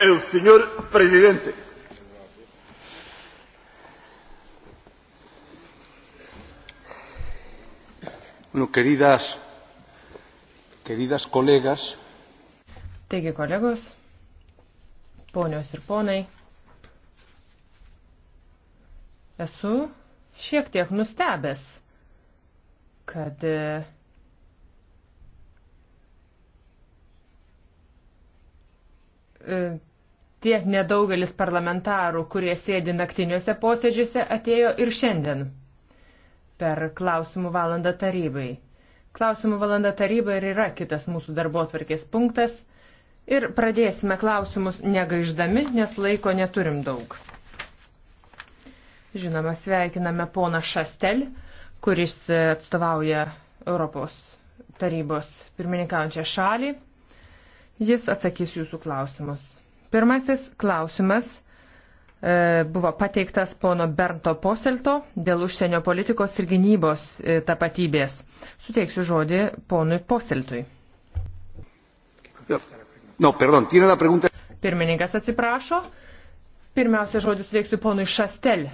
el señor presidente. Bueno, queridas, queridas colegas. Taigi, kolegos, ponios ir ponai, esu šiek tiek nustebęs, kad e, tie nedaugelis parlamentarų, kurie sėdi naktiniuose posėdžiuose, atėjo ir šiandien per klausimų valandą tarybai. Klausimų valanda taryba ir yra kitas mūsų darbo atvarkės punktas. Ir pradėsime klausimus negaiždami, nes laiko neturim daug. Žinoma, sveikiname poną Šastel, kuris atstovauja Europos tarybos pirmininkaujančią šalį. Jis atsakys jūsų klausimus. Pirmasis klausimas e, buvo pateiktas pono Bernto Poselto dėl užsienio politikos ir gynybos e, tapatybės. Suteiksiu žodį ponui Poseltui. No, perdon, pregunta... Pirmininkas atsiprašo. Pirmiausia, žodį suteiksiu ponui Šastel.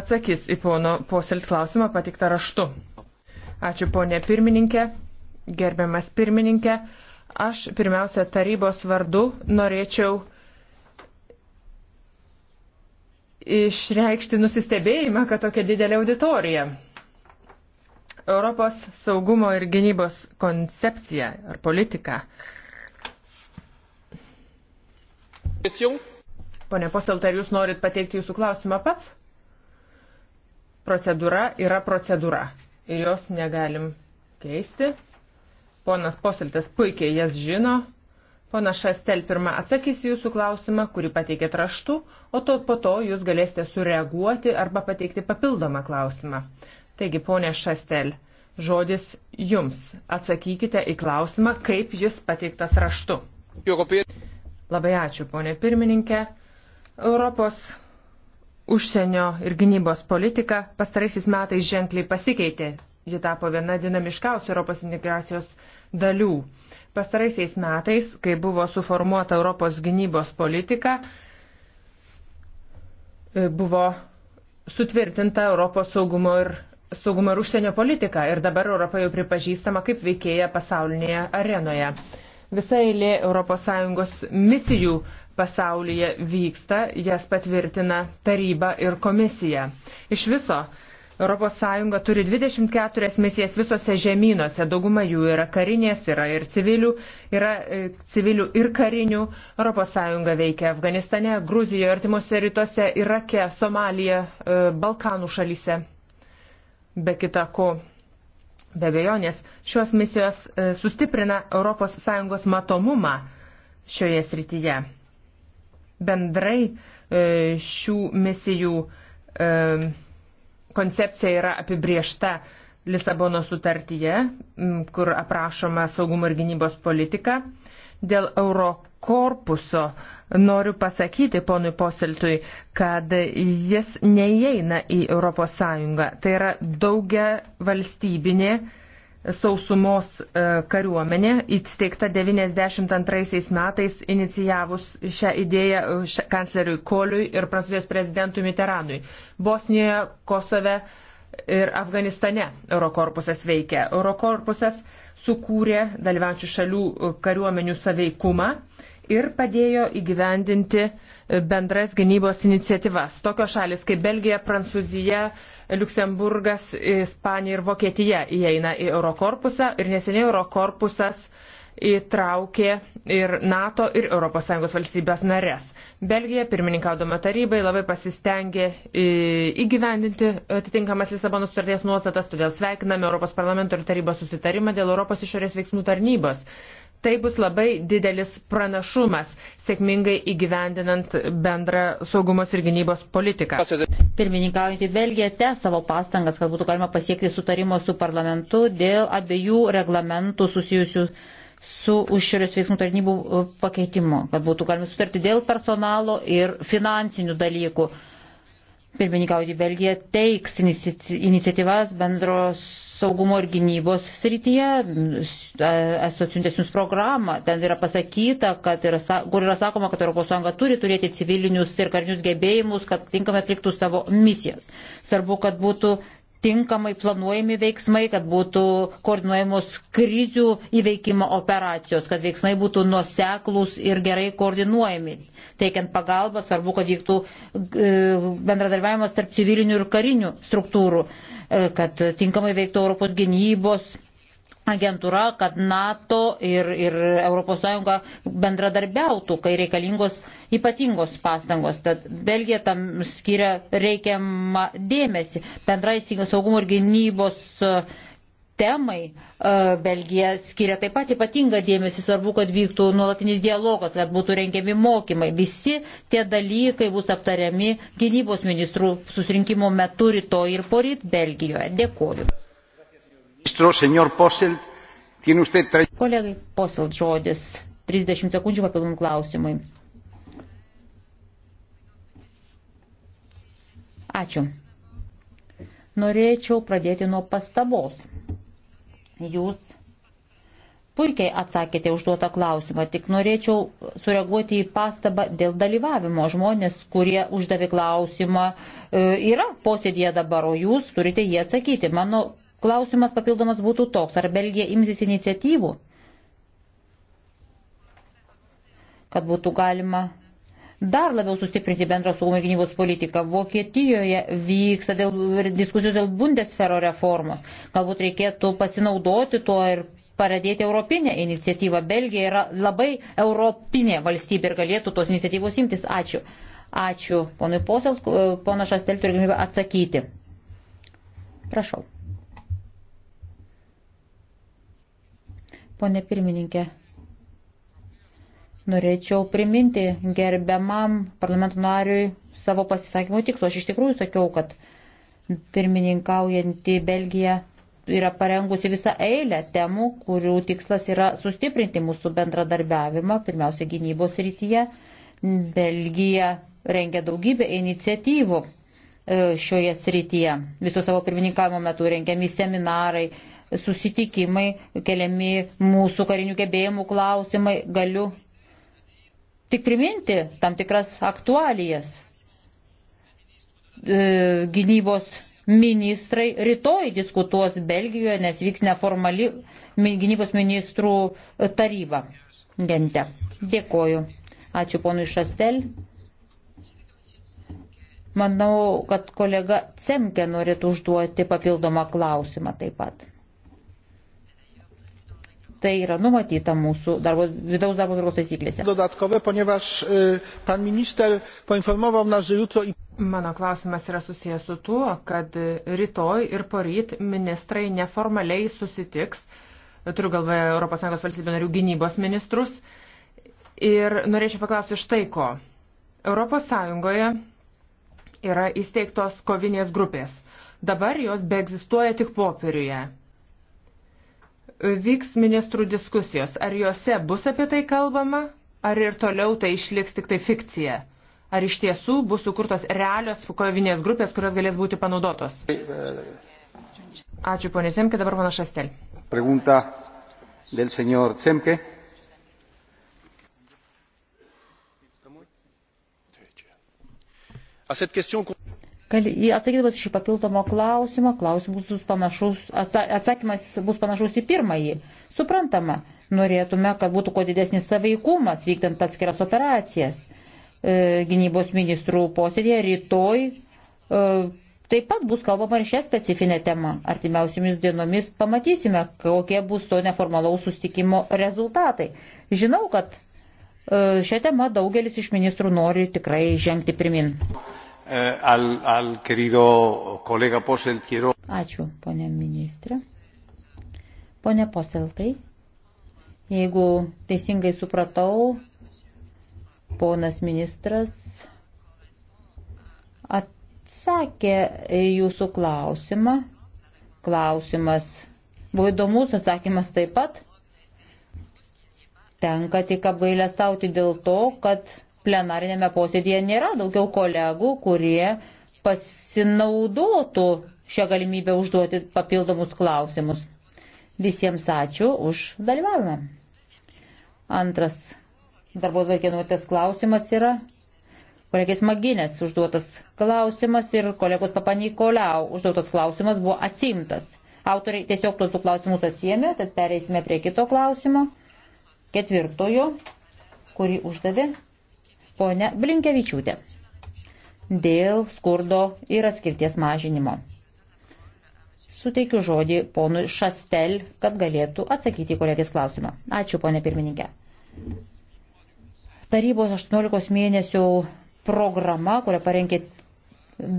Atsakys į pono Poselt klausimą patiktą raštu. Ačiū ponė pirmininkė, gerbiamas pirmininkė. Aš pirmiausia tarybos vardu norėčiau išreikšti nusistebėjimą, kad tokia didelė auditorija. Europos saugumo ir gynybos koncepcija ar politika. Pone Postelt, ar jūs norit pateikti jūsų klausimą pats? Procedūra yra procedūra ir jos negalim keisti. Ponas Poseltas puikiai jas žino. Pona Šastel pirmą atsakys jūsų klausimą, kurį pateikėt raštu, o to, po to jūs galėsite sureaguoti arba pateikti papildomą klausimą. Taigi, ponė Šastel, žodis jums. Atsakykite į klausimą, kaip jis pateiktas raštu. Labai ačiū, ponė pirmininkė. Europos užsienio ir gynybos politika pastaraisiais metais ženkliai pasikeitė. Ji tapo viena dinamiškiausių Europos integracijos dalių. Pastaraisiais metais, kai buvo suformuota Europos gynybos politika, e, buvo sutvirtinta Europos saugumo ir, saugumo ir užsienio politika ir dabar Europa jau pripažįstama kaip veikėja pasaulinėje arenoje. Visa eilė ES misijų pasaulyje vyksta, jas patvirtina taryba ir komisija. Iš viso ES turi 24 misijas visose žemynuose, dauguma jų yra karinės, yra ir civilių, yra e, civilių ir karinių. ES veikia Afganistane, Gruzijoje, artimuose rytuose, Irake, Somalija, e, Balkanų šalyse. Be kita ko, be abejonės, šios misijos e, sustiprina ES matomumą šioje srityje. Bendrai šių misijų koncepcija yra apibriešta Lisabono sutartyje, kur aprašoma saugumo ir gynybos politika. Dėl Eurokorpuso noriu pasakyti ponui Poseltui, kad jis neįeina į ES. Tai yra daugia valstybinė sausumos e, kariuomenė, įsteigta 92 metais inicijavus šią idėją e, kancleriui Koliui ir prancūzijos prezidentui Mitteranui. Bosnijoje, Kosove ir Afganistane Eurokorpusas veikia. Eurokorpusas sukūrė dalyvaujančių šalių e, kariuomenių saveikumą ir padėjo įgyvendinti bendras gynybos iniciatyvas. Tokios šalis kaip Belgija, Prancūzija, Luksemburgas, Ispanija ir Vokietija įeina į Eurokorpusą ir neseniai Eurokorpusas įtraukė ir NATO ir ES valstybės narės. Belgija, pirmininkaudama tarybai, labai pasistengė e, įgyvendinti atitinkamas Lisabonos sutarties nuostatas, todėl sveikiname Europos parlamento ir tarybos susitarimą dėl Europos išorės veiksmų tarnybos. Tai bus labai didelis pranašumas, sėkmingai įgyvendinant bendrą saugumos ir gynybos politiką. Pirmininkaujantį Belgiją te savo pastangas, kad būtų galima pasiekti sutarimo su parlamentu dėl abiejų reglamentų susijusių su užsienio veiksmų tarnybų e, pakeitimu, kad būtų galima sutarti dėl personalo ir finansinių dalykų. Pirmininkauti Belgija teiks iniciatyvas bendros saugumo ir gynybos srityje. Esu atsiuntęs jums programą, ten yra pasakyta, yra, kur yra sakoma, kad ES turi turėti civilinius ir karinius gebėjimus, kad tinkamai atliktų savo misijas. Svarbu, kad būtų tinkamai planuojami veiksmai, kad būtų koordinuojamos krizių įveikimo operacijos, kad veiksmai būtų nuoseklus ir gerai koordinuojami. Teikiant pagalbą, svarbu, kad vyktų e, bendradarbiavimas tarp civilinių ir karinių struktūrų, e, kad tinkamai veiktų Europos gynybos agentūra, kad NATO ir, ir ES bendradarbiautų, kai reikalingos ypatingos pastangos. Tad Belgija tam skiria reikiamą dėmesį. Bendrai saugumo ir gynybos e, temai e, Belgija skiria taip pat ypatingą dėmesį, svarbu, kad vyktų nuolatinis dialogas, kad būtų rengiami mokymai. Visi tie dalykai bus aptariami gynybos ministrų susirinkimo metu rytoj ir poryt Belgijoje. Dėkuoju. Kolegai poselt žodis. 30 sekundžių papildomų klausimui. Ačiū. Norėčiau pradėti nuo pastabos. Jūs puikiai atsakėte užduotą klausimą, tik norėčiau sureaguoti į pastabą dėl dalyvavimo. Žmonės, kurie uždavė klausimą, e, yra posėdėje dabar, o jūs turite jį atsakyti. Mano Klausimas papildomas būtų toks, ar Belgija imsis iniciatyvų, kad būtų galima dar labiau sustiprinti bendrą saugumo ir gynybos politiką. Vokietijoje vyksta dėl, diskusijos dėl Bundesfero reformos. Galbūt reikėtų pasinaudoti tuo ir paradėti europinę iniciatyvą. Belgija yra labai europinė valstybė ir galėtų tos iniciatyvos imtis. Ačiū. Ačiū ponui Posel, pona Šastel turi galimybę atsakyti. Prašau. Pone pirmininkė, norėčiau priminti gerbiamam parlamento nariui savo pasisakymų tikslų. Aš iš tikrųjų sakiau, kad pirmininkaujanti Belgija yra parengusi visą eilę temų, kurių tikslas yra sustiprinti mūsų bendradarbiavimą, pirmiausia, gynybos rytyje. Belgija rengia daugybę iniciatyvų e, šioje srityje. Viso savo pirmininkavimo metu rengiami seminarai, susitikimai, keliami mūsų karinių gebėjimų klausimai. Galiu tik priminti tam tikras aktualijas. E, gynybos ministrai rytoj diskutuos Belgijoje, nes vyks neformali gynybos ministrų taryba. Gente. Dėkoju. Ačiū ponui Šastel. Manau, kad kolega Cemke norėtų užduoti papildomą klausimą taip pat. Tai yra numatyta mūsų darbo, vidaus darbo tvarkos taisyklėse. Dodatkowe, ponieważ pan minister poinformował nas, że jutro i... Mano klausimas yra susijęs su tuo, kad rytoj ir poryt ministrai neformaliai susitiks, turiu galvoje ES valstybių narių gynybos ministrus, ir norėčiau paklausti štai ko. ES yra įsteigtos kovinės grupės. Dabar jos beegzistuoja tik popieriuje vyks ministrų diskusijos. Ar juose bus apie tai kalbama, ar ir toliau tai išliks tik tai fikcija? Ar iš tiesų bus sukurtos realios kovinės grupės, kurios galės būti panaudotos? Ačiū, ponė Semke, dabar pana Šastel. Pregunta del senor Semke. A cette question... Atsakydamas šį papildomą klausimą, klausimas bus panašus, atsakymas bus panašus į pirmąjį. Suprantama, norėtume, kad būtų kuo didesnis saveikumas vykdant atskiras operacijas. E, gynybos ministrų posėdėje rytoj e, taip pat bus kalbama ir šią specifinę temą. Artimiausiamis dienomis pamatysime, kokie bus to neformalaus sustikimo rezultatai. Žinau, kad e, šią temą daugelis iš ministrų nori tikrai žengti pirmin. Eh, al, al querido colega Posel quiero. Ačiū, ponė ministrė. Pone Poseltai, jeigu teisingai supratau, ponas ministras atsakė jūsų klausimą. Klausimas buvo įdomus, atsakymas taip pat. Tenka tik apgailę stauti dėl to, kad plenarinėme posėdėje nėra daugiau kolegų, kurie pasinaudotų šią galimybę užduoti papildomus klausimus. Visiems ačiū už dalyvavimą. Antras darbo tvarkinuotės klausimas yra kolegės Maginės užduotas klausimas ir kolegos Papanikoliau užduotas klausimas buvo atsimtas. Autoriai tiesiog tuos du klausimus atsiemė, tad pereisime prie kito klausimo, ketvirtojo, kurį uždavė ponia Blinkevičiūtė dėl skurdo ir atskirties mažinimo. Suteikiu žodį ponui Šastel, kad galėtų atsakyti kolegės klausimą. Ačiū, ponė pirmininkė. Tarybos 18 mėnesių programa, kurią parengė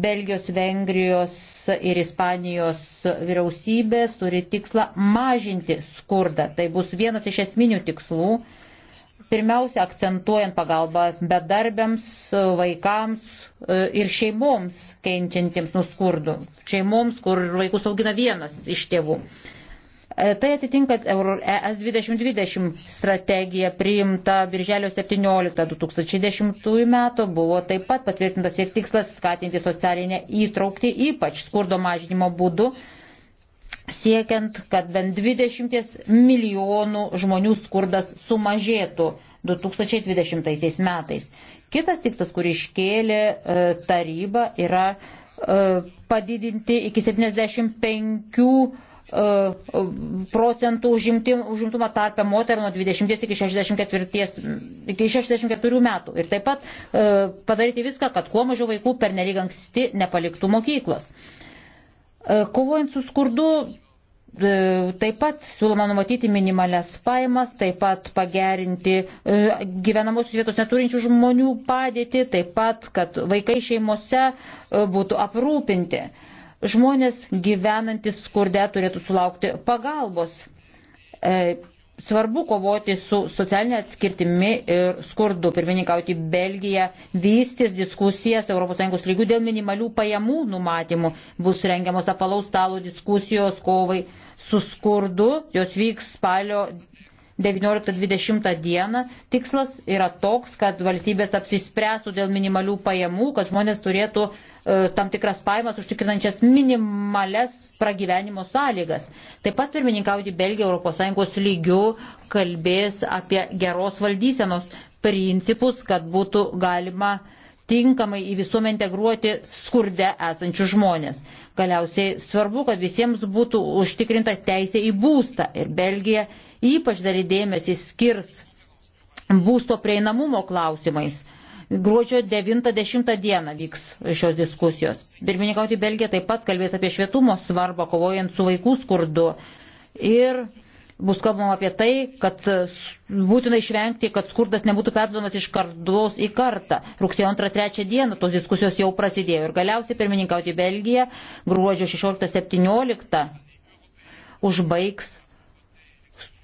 Belgijos, Vengrijos ir Ispanijos vyriausybės, turi tikslą mažinti skurdą. Tai bus vienas iš esminių tikslų Pirmiausia, akcentuojant pagalbą bedarbiams, vaikams e, ir šeimoms kenčiantiems nuskurdų. Šeimoms, kur vaikus augina vienas iš tėvų. E, tai atitinka ES e 2020 strategija priimta Birželio 17-2010 metų, buvo taip pat patvirtintas ir tikslas skatinti socialinę įtraukti, ypač skurdo mažinimo būdu siekiant, kad bent 20 milijonų žmonių skurdas sumažėtų 2020 metais. Kitas tikslas, kurį iškėlė e, taryba, yra e, padidinti iki 75 e, procentų užimtumą tarpę moterų nuo 20 iki 64, iki 64 metų. Ir taip pat padaryti viską, kad kuo mažiau vaikų per nelyg anksti nepaliktų mokyklos. E, kovojant su skurdu e, taip pat siūloma numatyti minimalias paimas, taip pat pagerinti e, gyvenamosios vietos neturinčių žmonių padėtį, taip pat, kad vaikai šeimose būtų aprūpinti. Žmonės gyvenantis skurde turėtų sulaukti pagalbos Svarbu kovoti su socialinė atskirtimi ir skurdu. Pirmininkauti Belgija vystys diskusijas ES lygių dėl minimalių pajamų numatymų. Bus rengiamos apalaus stalo diskusijos kovai su skurdu. Jos vyks spalio 19-20 dieną. Tikslas yra toks, kad valstybės apsispręstų dėl minimalių pajamų, kad žmonės turėtų uh, E, tam tikras paimas užtikrinančias minimales pragyvenimo sąlygas. Taip pat pirmininkauti Belgija ES lygių kalbės apie geros valdysenos principus, kad būtų galima tinkamai į visuomenę integruoti skurde esančius žmonės. Galiausiai svarbu, kad visiems būtų užtikrinta teisė į būstą ir Belgija ypač dar įdėmėsi skirs būsto prieinamumo klausimais Gruodžio 90 dieną vyks šios diskusijos. Pirmininkauti Belgija taip pat kalbės apie švietumo svarbą kovojant su vaikų skurdu. Ir bus kalbama apie tai, kad būtina išvengti, kad skurdas nebūtų perduodamas iš kartos į kartą. Rugsėjo 2-3 dieną tos diskusijos jau prasidėjo. Ir galiausiai pirmininkauti Belgija gruodžio 16-17 užbaigs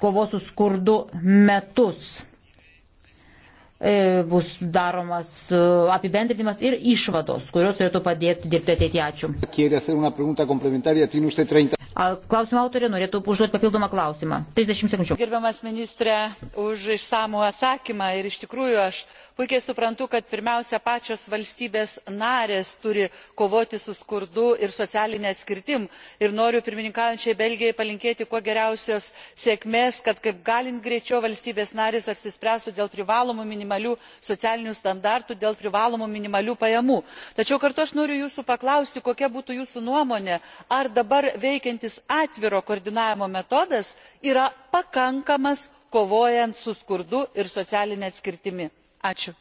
kovos su skurdu metus E, bus daromas e, apibendrinimas ir išvados, kurios turėtų padėti dirbti ateityje. Ačiū. Klausimo autorė norėtų užduoti papildomą klausimą. 30 sekundžių. Gerbiamas ministrė, už išsamų atsakymą ir iš tikrųjų aš puikiai suprantu, kad pirmiausia pačios valstybės narės turi kovoti su skurdu ir socialinė atskirtim. Ir noriu pirmininkaujančiai Belgijai palinkėti kuo geriausios sėkmės, kad kaip galint greičiau valstybės narės apsispręstų dėl privalomų minimalių socialinių standartų, dėl privalomų minimalių pajamų. Tačiau kartu aš noriu jūsų paklausti, kokia būtų jūsų nuomonė, ar dabar veikianti naudojantis atviro koordinavimo metodas yra pakankamas kovojant su skurdu ir socialine atskirtimi. Ačiū.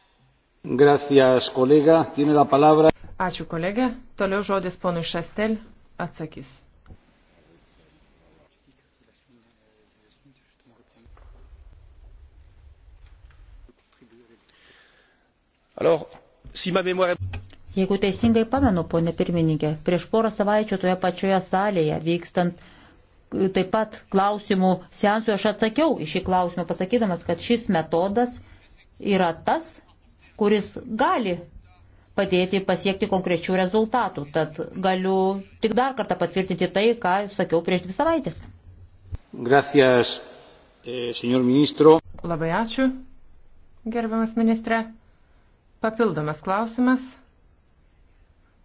Gracias, kolega. Tiene la palabra. Ačiū, kolegė. Toliau žodis ponui Šastel atsakys. Alors, si ma mémoire est Jeigu teisingai pamenu, ponė pirmininkė, prieš porą savaičių toje pačioje salėje vykstant e, taip pat klausimų seansui aš atsakiau iš šį klausimą, pasakydamas, kad šis metodas yra tas, kuris gali padėti pasiekti konkrečių rezultatų. Tad galiu tik dar kartą patvirtinti tai, ką sakiau prieš dvi savaitės. Gracias, e, eh, senor ministro. Labai ačiū, gerbiamas ministre. Papildomas klausimas.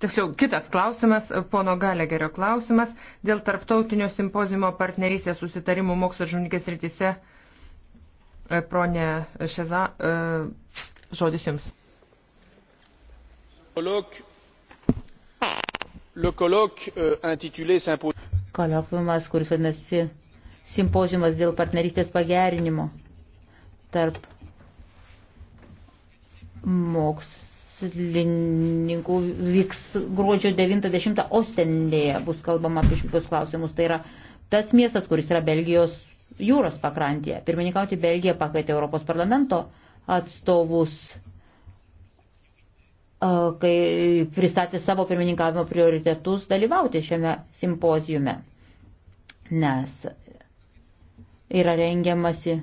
Tiksliau, kitas klausimas, pono Galegerio klausimas, dėl tarptautinio simpozimo partnerystės susitarimų mokslo žurnikės rytise. E, pronė Šeza, e, žodis jums. Euh, Kolokviumas, kuris vadinasi simpozijumas dėl partnerystės pagerinimo tarp mokslo mokslininkų vyks gruodžio 90 Ostenlėje, bus kalbama apie šios klausimus. Tai yra tas miestas, kuris yra Belgijos jūros pakrantėje. Pirmininkauti Belgija pakvietė Europos parlamento atstovus, kai pristatė savo pirmininkavimo prioritetus dalyvauti šiame simpozijume, nes yra rengiamasi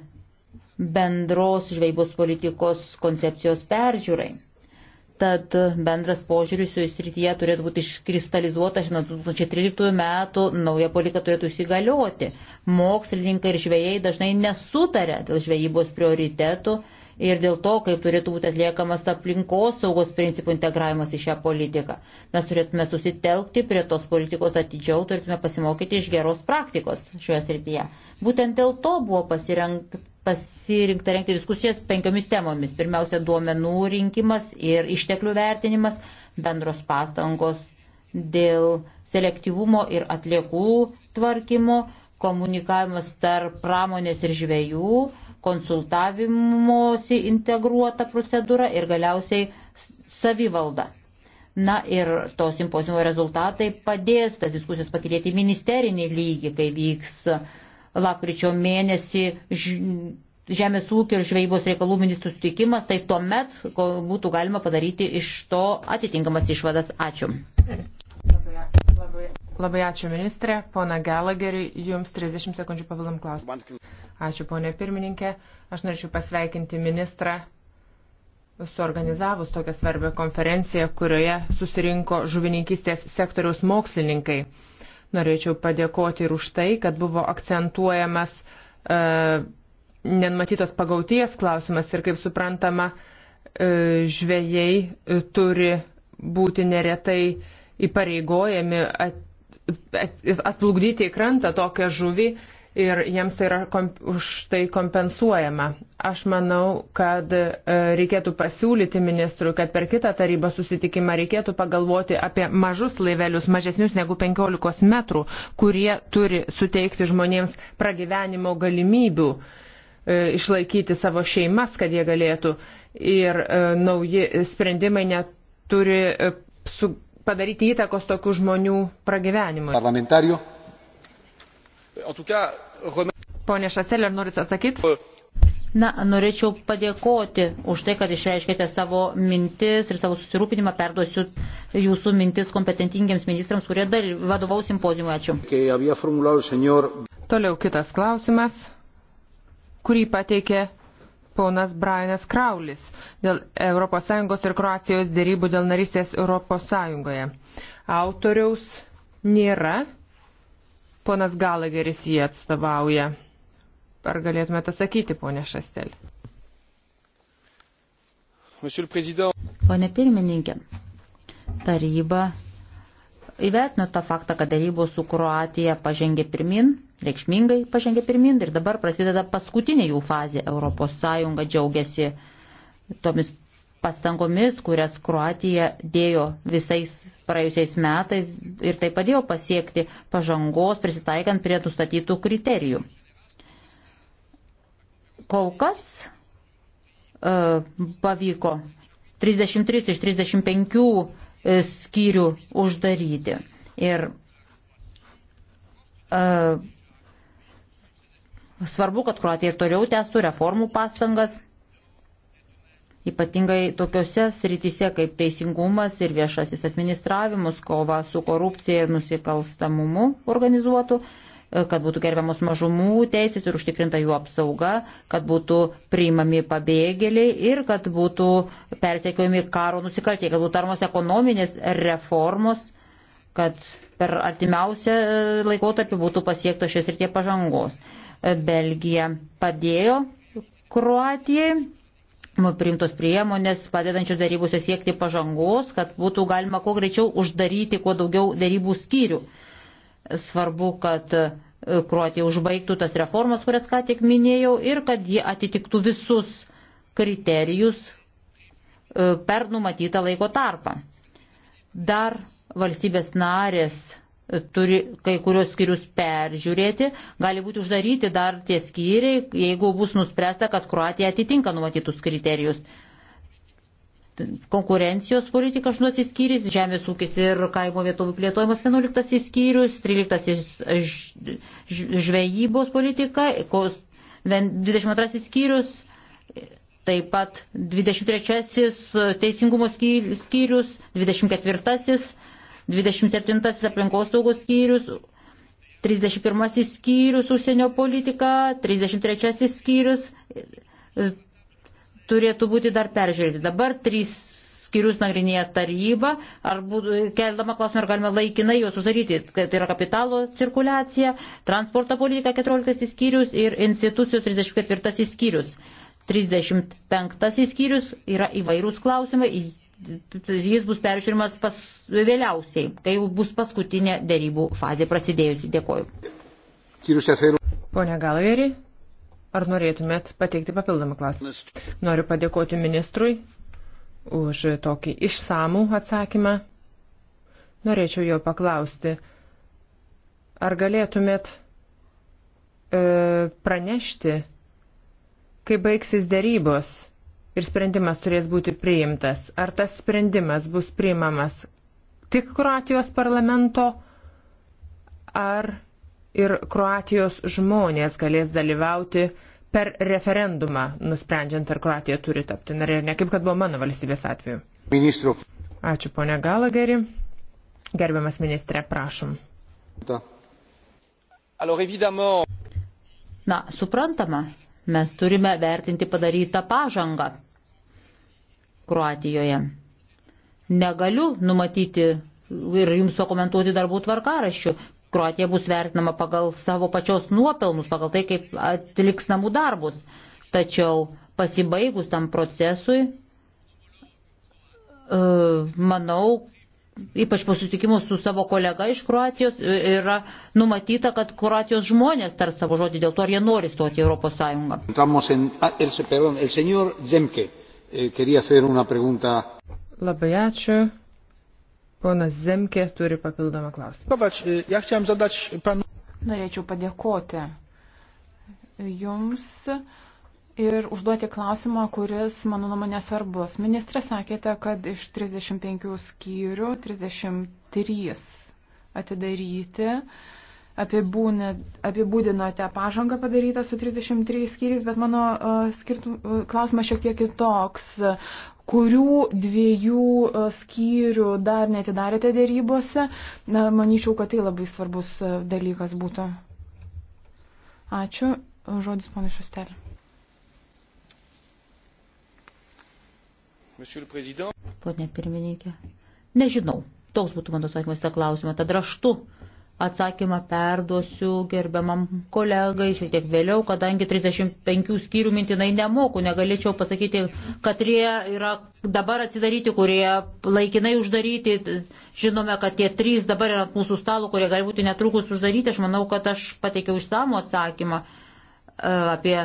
bendros žveibos politikos koncepcijos peržiūrai. Tad bendras požiūris jų srityje turėtų būti iškristalizuotas, žinot, 2013 metų nauja politika turėtų įsigalioti. Mokslininkai ir žvėjai dažnai nesutarė dėl žvejybos prioritetų ir dėl to, kaip turėtų būti atliekamas aplinkos saugos principų integravimas į šią politiką. Mes turėtume susitelkti prie tos politikos atidžiau, turėtume pasimokyti iš geros praktikos šioje srityje. Būtent dėl to buvo pasirinkta pasirinkta renkti diskusijas penkiomis temomis. Pirmiausia, duomenų rinkimas ir išteklių vertinimas, bendros pastangos dėl selektyvumo ir atliekų tvarkymo, komunikavimas tarp pramonės ir žvėjų, konsultavimosi integruota procedūra ir galiausiai savivalda. Na ir to simpozijumo rezultatai padės tas diskusijas pakilėti ministerinį lygį, kai vyks uh, lapkričio mėnesį Žemės ūkio ir žvejybos reikalų ministrų sutikimas, tai tuomet būtų galima padaryti iš to atitinkamas išvadas. Ačiū. Labai, labai, labai ačiū ministrė. Pona Gelageri, jums 30 sekundžių pavildom klausimą. Ačiū ponė pirmininkė. Aš norėčiau pasveikinti ministrą suorganizavus tokią svarbią konferenciją, kurioje susirinko žuvininkystės sektoriaus mokslininkai. Norėčiau padėkoti ir už tai, kad buvo akcentuojamas e, nenumatytos pagauties klausimas ir, kaip suprantama, e, žvėjai e, turi būti neretai įpareigojami at, at, at, atplukdyti į krantą tokią žuvį, ir jiems tai yra komp, už tai kompensuojama. Aš manau, kad e, reikėtų pasiūlyti ministrui, kad per kitą tarybą susitikimą reikėtų pagalvoti apie mažus laivelius, mažesnius negu 15 metrų, kurie turi suteikti žmonėms pragyvenimo galimybių e, išlaikyti savo šeimas, kad jie galėtų. Ir e, nauji sprendimai neturi e, su, padaryti įtakos tokių žmonių pragyvenimui. Pone Šaselė, ar norit atsakyti? Uh, Na, norėčiau padėkoti už tai, kad išreiškėte savo mintis ir savo susirūpinimą. Perduosiu jūsų mintis kompetentingiams ministrams, kurie dar vadovaus simpozijui. Ačiū. Toliau kitas klausimas, kurį pateikė ponas Brianas Kraulis dėl ES ir Kroacijos dėrybų dėl narystės ES. Autoriaus nėra. Ponas Galageris jį atstovauja. Ar galėtumėte atsakyti, ponė Šastel? Pone pirmininkė, taryba įvertino tą faktą, kad darybos su Kroatija pažengė pirmin, reikšmingai pažengė pirmin ir dabar prasideda paskutinė jų fazė. ES džiaugiasi tomis pastangomis, kurias Kroatija dėjo visais praėjusiais metais ir tai padėjo pasiekti pažangos, prisitaikant prie nustatytų kriterijų. Kol kas e, pavyko 33 iš 35 e, skyrių uždaryti. Ir e, svarbu, kad Kroatija ir toliau tęstų reformų pastangas ypatingai tokiuose srityse kaip teisingumas ir viešasis administravimus, kova su korupcija ir nusikalstamumu organizuotų, kad būtų gerbiamos mažumų teisės ir užtikrinta jų apsauga, kad būtų priimami pabėgėliai ir kad būtų persekiojami karo nusikaltėjai, kad būtų tarmos ekonominės reformos, kad per artimiausią e, laikotarpį būtų pasiektos šios ir tie pažangos. Belgija padėjo Kroatijai Nu, priimtos priemonės, padedančios darybose siekti pažangos, kad būtų galima kuo greičiau uždaryti kuo daugiau darybų skyrių. Svarbu, kad e, Kruatija užbaigtų tas reformas, kurias ką tik minėjau, ir kad ji atitiktų visus kriterijus e, per numatytą laiko tarpą. Dar valstybės narės turi kai kurios skyrius peržiūrėti, gali būti uždaryti dar tie skyriai, jeigu bus nuspręsta, kad Kroatija atitinka numatytus kriterijus. Konkurencijos politika 8 skyrius, žemės ūkis ir kaimo vietovių plėtojimas 11 skyrius, 13 žvejybos politika, 22 skyrius, taip pat 23 teisingumo skyrius, 24 27 aplinkosaugos skyrius, 31 skyrius užsienio politika, 33 skyrius e, turėtų būti dar peržiūrėti. Dabar trys skyrius nagrinėja taryba, ar būtų, keldama klausimą, ar galime laikinai juos uždaryti, kad tai yra kapitalo cirkulacija, transporto politika 14 skyrius ir institucijos 34 skyrius. 35 skyrius yra įvairūs klausimai, jis bus peržiūrimas pas, vėliausiai, kai jau bus paskutinė dėrybų fazė prasidėjusi. Dėkoju. Pone Galavėri, ar norėtumėt pateikti papildomą klausimą? Noriu padėkoti ministrui už tokį išsamų atsakymą. Norėčiau jo paklausti, ar galėtumėt e, pranešti, kai baigsis dėrybos ir sprendimas turės būti priimtas. Ar tas sprendimas bus priimamas tik Kroatijos parlamento, ar ir Kroatijos žmonės galės dalyvauti per referendumą, nusprendžiant, ar Kroatija turi tapti narė, ne kaip kad buvo mano valstybės atveju. Ministru. Ačiū, ponia Galageri. Gerbiamas ministrė, prašom. Ta. Na, suprantama, Mes turime vertinti padarytą pažangą Kroatijoje. Negaliu numatyti ir jums pakomentuoti darbų tvarkaraščių. Kroatija bus vertinama pagal savo pačios nuopelnus, pagal tai, kaip atliks namų darbus. Tačiau pasibaigus tam procesui, e, manau, ypač po susitikimo su savo kolega iš Kroatijos, e, yra numatyta, kad Kroatijos žmonės tar savo žodį dėl to, ar jie nori stoti į Europos Sąjungą. Ah, eh, Labai ačiū. Ponas Zemke turi papildomą klausimą. Norėčiau padėkoti Jums ir užduoti klausimą, kuris, mano nuomonė, svarbus. Ministrė sakėte, kad iš 35 skyrių 33 atidaryti. Apibūdinote pažangą padarytą su 33 skyriais, bet mano uh, e, skirtų, uh, e, klausimas šiek tiek kitoks kurių dviejų e, skyrių dar netidarėte dėrybose. Na, manyčiau, kad tai labai svarbus dalykas būtų. Ačiū. Žodis panašus telė. Pone pirmininkė, nežinau. Toks būtų mano atsakymas tą klausimą. Tad raštu atsakymą perduosiu gerbiamam kolegai šiek tiek vėliau, kadangi 35 skyrių mintinai nemoku, negalėčiau pasakyti, kad jie yra dabar atsidaryti, kurie laikinai uždaryti. Žinome, kad tie trys dabar yra ant mūsų stalo, kurie gali būti netrukus uždaryti. Aš manau, kad aš pateikiau išsamų atsakymą e, apie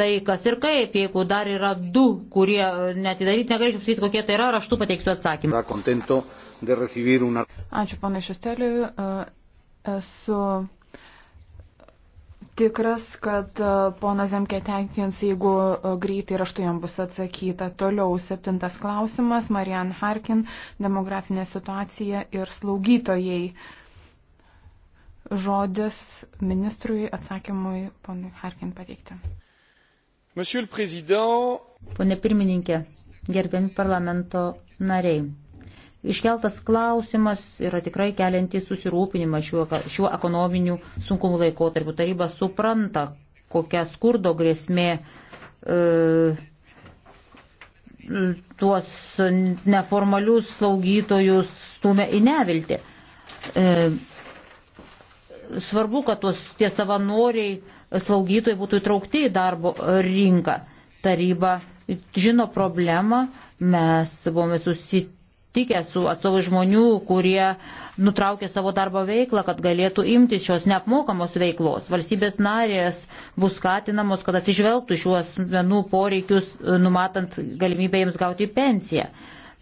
tai kas ir kaip, jeigu dar yra du, kurie e, netidaryti, negalėčiau pasakyti, kokie tai yra, raštu pateiksiu atsakymą. Una... Ačiū, panai Šesteliui. E, esu tikras, kad e, ponas Zemke tenkins, jeigu greitai raštu jam bus atsakyta. Toliau septintas klausimas, Marian Harkin, demografinė situacija ir slaugytojai žodis ministrui atsakymui ponui Harkin pateikti. Pone pirmininkė, gerbiami parlamento nariai. Iškeltas klausimas yra tikrai keliantis susirūpinimą šiuo, šiuo ekonominiu sunkumu laikotarpiu. Taryba supranta, kokia skurdo grėsmė e, tuos neformalius slaugytojus stumia į neviltį. E, svarbu, kad tuos tie savanoriai slaugytojai būtų įtraukti į darbo rinką. Taryba žino problemą, mes buvome susitikę su atsovai žmonių, kurie nutraukė savo darbo veiklą, kad galėtų imti šios neapmokamos veiklos. Valstybės narės bus skatinamos, kad atsižvelgtų šiuos menų poreikius, numatant galimybę jiems gauti pensiją.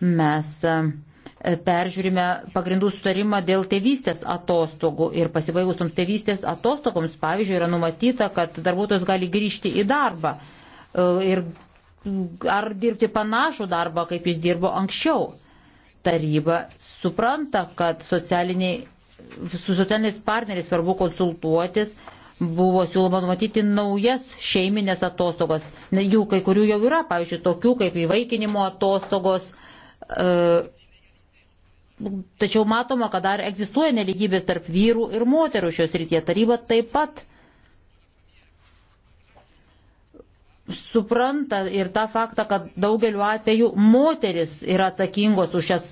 Mes uh, peržiūrime pagrindų sutarimą dėl tėvystės atostogų ir pasibaigus toms tėvystės atostogoms, pavyzdžiui, yra numatyta, kad darbuotojas gali grįžti į darbą e, ir ar dirbti panašų darbą, kaip jis dirbo anksčiau. Taryba supranta, kad socialiniai, su socialiniais partneriais svarbu konsultuotis buvo siūloma numatyti naujas šeiminės atostogas. Jų kai kurių jau yra, pavyzdžiui, tokių kaip įvaikinimo atostogos, e, Nu, tačiau matoma, kad dar egzistuoja neligybės tarp vyrų ir moterų šios rytie. Taryba taip pat supranta ir tą faktą, kad daugeliu atveju moteris yra atsakingos už šias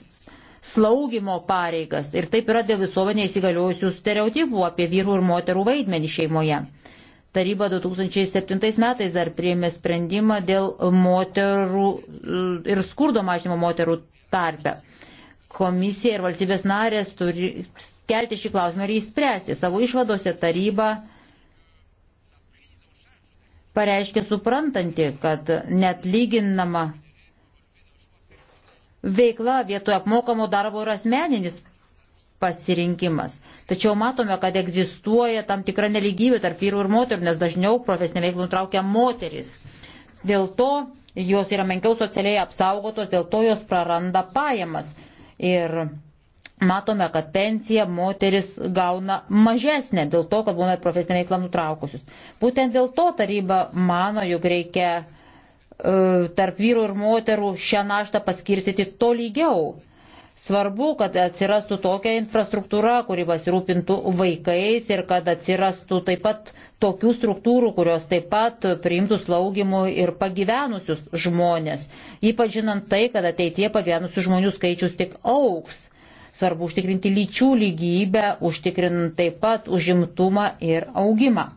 slaugimo pareigas. Ir taip yra dėl visuomenėje įsigaliojusių stereotipų apie vyrų ir moterų vaidmenį šeimoje. Taryba 2007 metais dar priėmė sprendimą dėl moterų ir skurdo mažinimo moterų tarpe. Komisija ir valstybės narės turi kelti šį klausimą ir jį spręsti. Savo išvadose taryba pareiškia suprantanti, kad net lyginama veikla vietoje apmokamo darbo yra asmeninis pasirinkimas. Tačiau matome, kad egzistuoja tam tikra neligybė tarp vyrų ir moterų, nes dažniau profesinė veikla nutraukia moteris. Dėl to jos yra menkiau socialiai apsaugotos, dėl to jos praranda pajamas. Ir matome, kad pensiją moteris gauna mažesnę dėl to, kad būna profesinę veiklą nutraukusius. Būtent dėl to taryba mano, jog reikia e, tarp vyrų ir moterų šią naštą paskirstyti tolygiau. Svarbu, kad atsirastų tokia infrastruktūra, kuri pasirūpintų vaikais ir kad atsirastų taip pat tokių struktūrų, kurios taip pat priimtų slaugimų ir pagyvenusius žmonės. Ypač žinant tai, kad ateitie pagyvenusių žmonių skaičius tik auks. Svarbu užtikrinti lyčių lygybę, užtikrinant taip pat užimtumą ir augimą.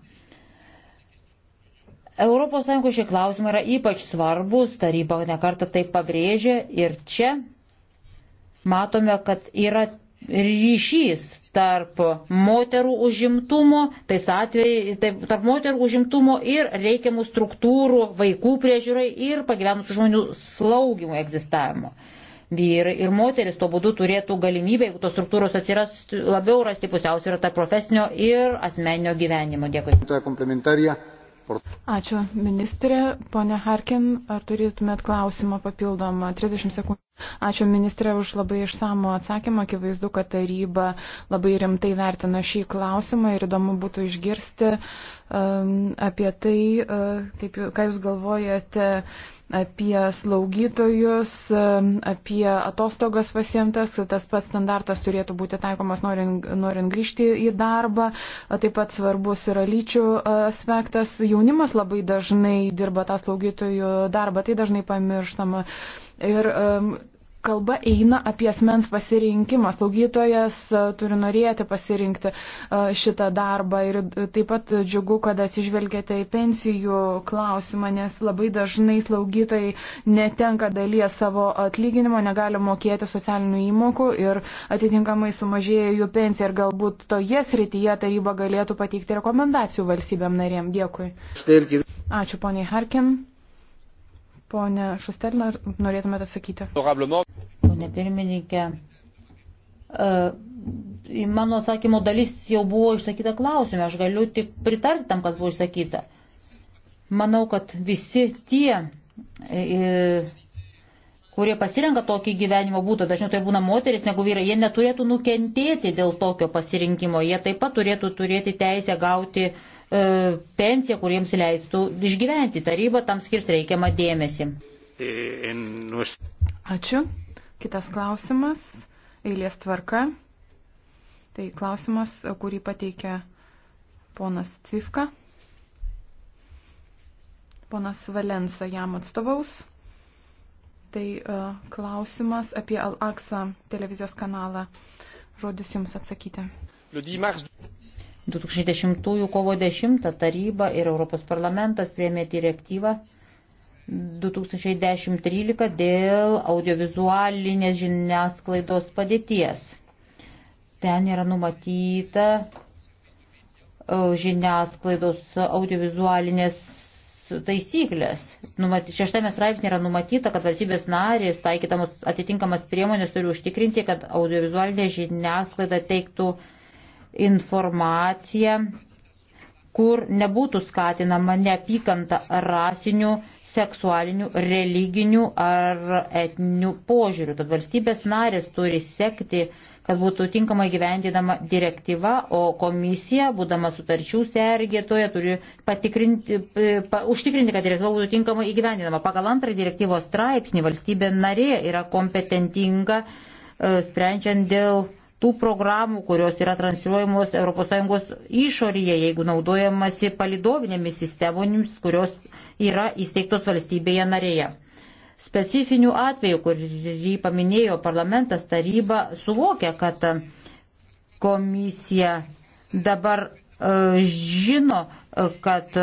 ES šie klausimai yra ypač svarbus, taryba nekarta tai pabrėžė ir čia matome, kad yra ryšys tarp moterų užimtumo, tais atvejai, taip, tarp moterų užimtumo ir reikiamų struktūrų vaikų priežiūrai ir pagyvenusių žmonių slaugimų egzistavimo. Vyrai ir moteris tuo būdu turėtų galimybę, jeigu tos struktūros atsiras, labiau rasti pusiausvyrą tarp profesinio ir asmeninio gyvenimo. Dėkui. Ačiū, ministrė. Pone Harkin, ar turėtumėt klausimą papildomą? 30 sekundžių. Ačiū ministrė už labai išsamų atsakymą. Akivaizdu, kad taryba labai rimtai vertina šį klausimą ir įdomu būtų išgirsti um, apie tai, uh, kaip, ką Jūs galvojate apie slaugytojus, um, apie atostogas pasiemtas, tas pats standartas turėtų būti taikomas norint, norint grįžti į darbą. Taip pat svarbus yra lyčių uh, aspektas. Jaunimas labai dažnai dirba tą slaugytojų darbą, tai dažnai pamirštama. Ir um, kalba eina apie asmens pasirinkimą. Slaugytojas e, turi norėti pasirinkti e, šitą darbą ir e, taip pat džiugu, kad atsižvelgėte į pensijų klausimą, nes labai dažnai slaugytojai netenka dalies savo atlyginimo, negali mokėti socialinių įmokų ir atitinkamai sumažėja jų pensija ir galbūt toje srityje taryba galėtų pateikti rekomendacijų valstybėm narėm. Dėkui. Ačiū poniai Harkin. Pone Šusterna, norėtumėte atsakyti? Pone pirmininkė, e, į mano atsakymo dalis jau buvo išsakyta klausime, aš galiu tik pritarti tam, kas buvo išsakyta. Manau, kad visi tie, e, e, kurie pasirenka tokį gyvenimo būdą, dažniau tai būna moteris negu vyrai, jie neturėtų nukentėti dėl tokio pasirinkimo, jie taip pat turėtų turėti teisę gauti uh, E, pensiją, kuriems leistų išgyventi. Taryba tam skirs reikiamą dėmesį. E, Ačiū. Kitas klausimas. Eilės tvarka. Tai klausimas, kurį pateikė ponas Cvifka. Ponas Valensa jam atstovaus. Tai uh, klausimas apie Al-Aqsa televizijos kanalą. Žodis jums atsakyti. 2010 kovo 10 taryba ir Europos parlamentas priemė direktyvą 2010-13 dėl audiovizualinės žiniasklaidos padėties. Ten yra numatyta e, žiniasklaidos audiovizualinės taisyklės. Numaty, šeštame straipsnė yra numatyta, kad valstybės narės, taikydamos atitinkamas priemonės, turi užtikrinti, kad audiovizualinė žiniasklaida teiktų uh, informaciją, kur nebūtų skatinama neapykanta rasinių, seksualinių, religinių ar etinių požiūrių. Tad valstybės narės turi sekti, kad būtų tinkamai gyvendinama direktyva, o komisija, būdama sutarčių sergėtoje, turi patikrinti, e, pa, užtikrinti, kad direktyva būtų tinkamai įgyvendinama. Pagal antrą direktyvos straipsnį valstybė narė yra kompetentinga, e, sprendžiant dėl tų programų, kurios yra transliuojamos ES išorėje, jeigu naudojamasi palidovinėmis sistemomis, kurios yra įsteigtos valstybėje narėje. Specifinių atvejų, kurį paminėjo parlamentas, taryba suvokia, kad komisija dabar e, žino, e, kad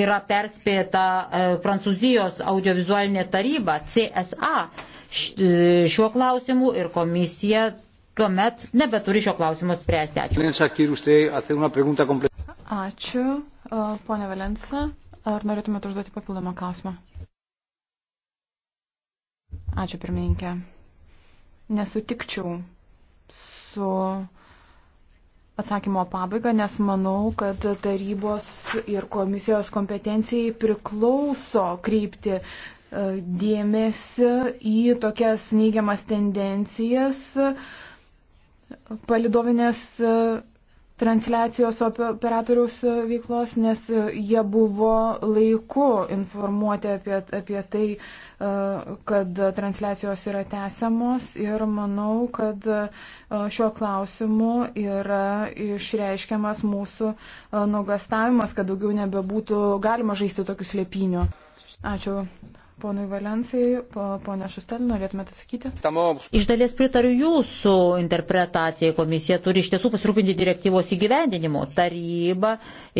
yra perspėta e, Prancūzijos audiovizualinė taryba CSA šiuo klausimu ir komisija tuomet nebeturi šio klausimo spręsti. Ačiū. Tai, Ačiū, ponia Valensa. Ar norėtumėte užduoti papildomą klausimą? Ačiū, pirmininkė. Nesutikčiau su atsakymo pabaiga, nes manau, kad tarybos ir komisijos kompetencijai priklauso kreipti e, dėmesį į tokias neigiamas tendencijas, uh, palidovinės e, transliacijos operatoriaus e, veiklos, nes e, jie buvo laiku informuoti apie, apie tai, kad transliacijos yra tęsiamos ir manau, kad šiuo klausimu yra išreiškiamas mūsų nuogastavimas, kad daugiau nebebūtų galima žaisti tokius lėpinių. Ačiū, Ponui Valensai, ponė Šustelė, norėtumėte sakyti? Iš dalies pritariu jūsų interpretacijai. Komisija turi iš tiesų pasirūpinti direktyvos įgyvendinimu. Taryba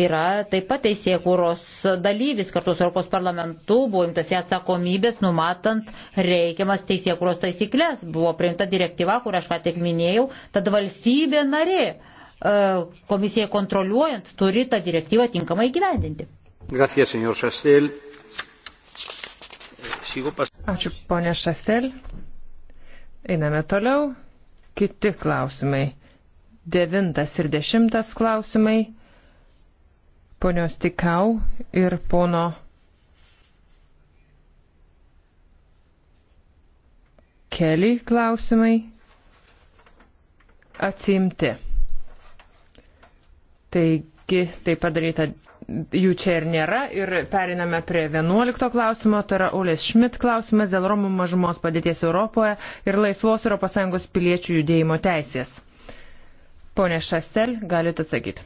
yra taip pat teisėkūros dalyvis kartu su Europos parlamentu. Buvo imtasi atsakomybės, numatant reikiamas teisėkūros taisyklės. Buvo priimta direktyva, kurią aš ką tik minėjau. Tad valstybė narė e, komisijai kontroliuojant turi tą direktyvą tinkamai įgyvendinti. Gracias, señor Šastel. Ačiū, ponė Šastel. Einame toliau. Kiti klausimai. Devintas ir dešimtas klausimai. Ponios Tikau ir pono. Keli klausimai atsimti. Taigi tai padaryta jų čia ir nėra. Ir periname prie 11 klausimo, tai yra Ulės Šmit klausimas dėl Romų mažumos padėties Europoje ir laisvos ES piliečių judėjimo teisės. Pone Šastel, galite atsakyti.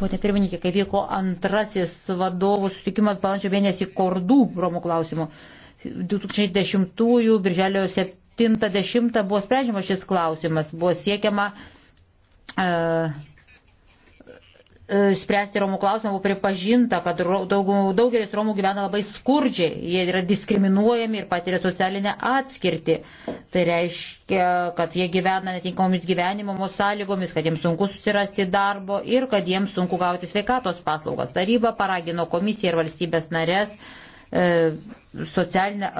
Pone pirmininkė, kai vyko antrasis vadovų susitikimas balandžio mėnesį Kordų Romų klausimu, 2010 birželio 70 buvo sprendžiamas šis klausimas, buvo siekiama uh, E, spręsti Romų klausimą buvo pripažinta, kad daug, daugelis Romų gyvena labai skurdžiai, jie yra diskriminuojami ir patiria socialinę atskirtį. Tai reiškia, kad jie gyvena netinkomis gyvenimo sąlygomis, kad jiems sunku susirasti darbo ir kad jiems sunku gauti sveikatos paslaugas. Taryba paragino komisiją ir valstybės narės e, socialinę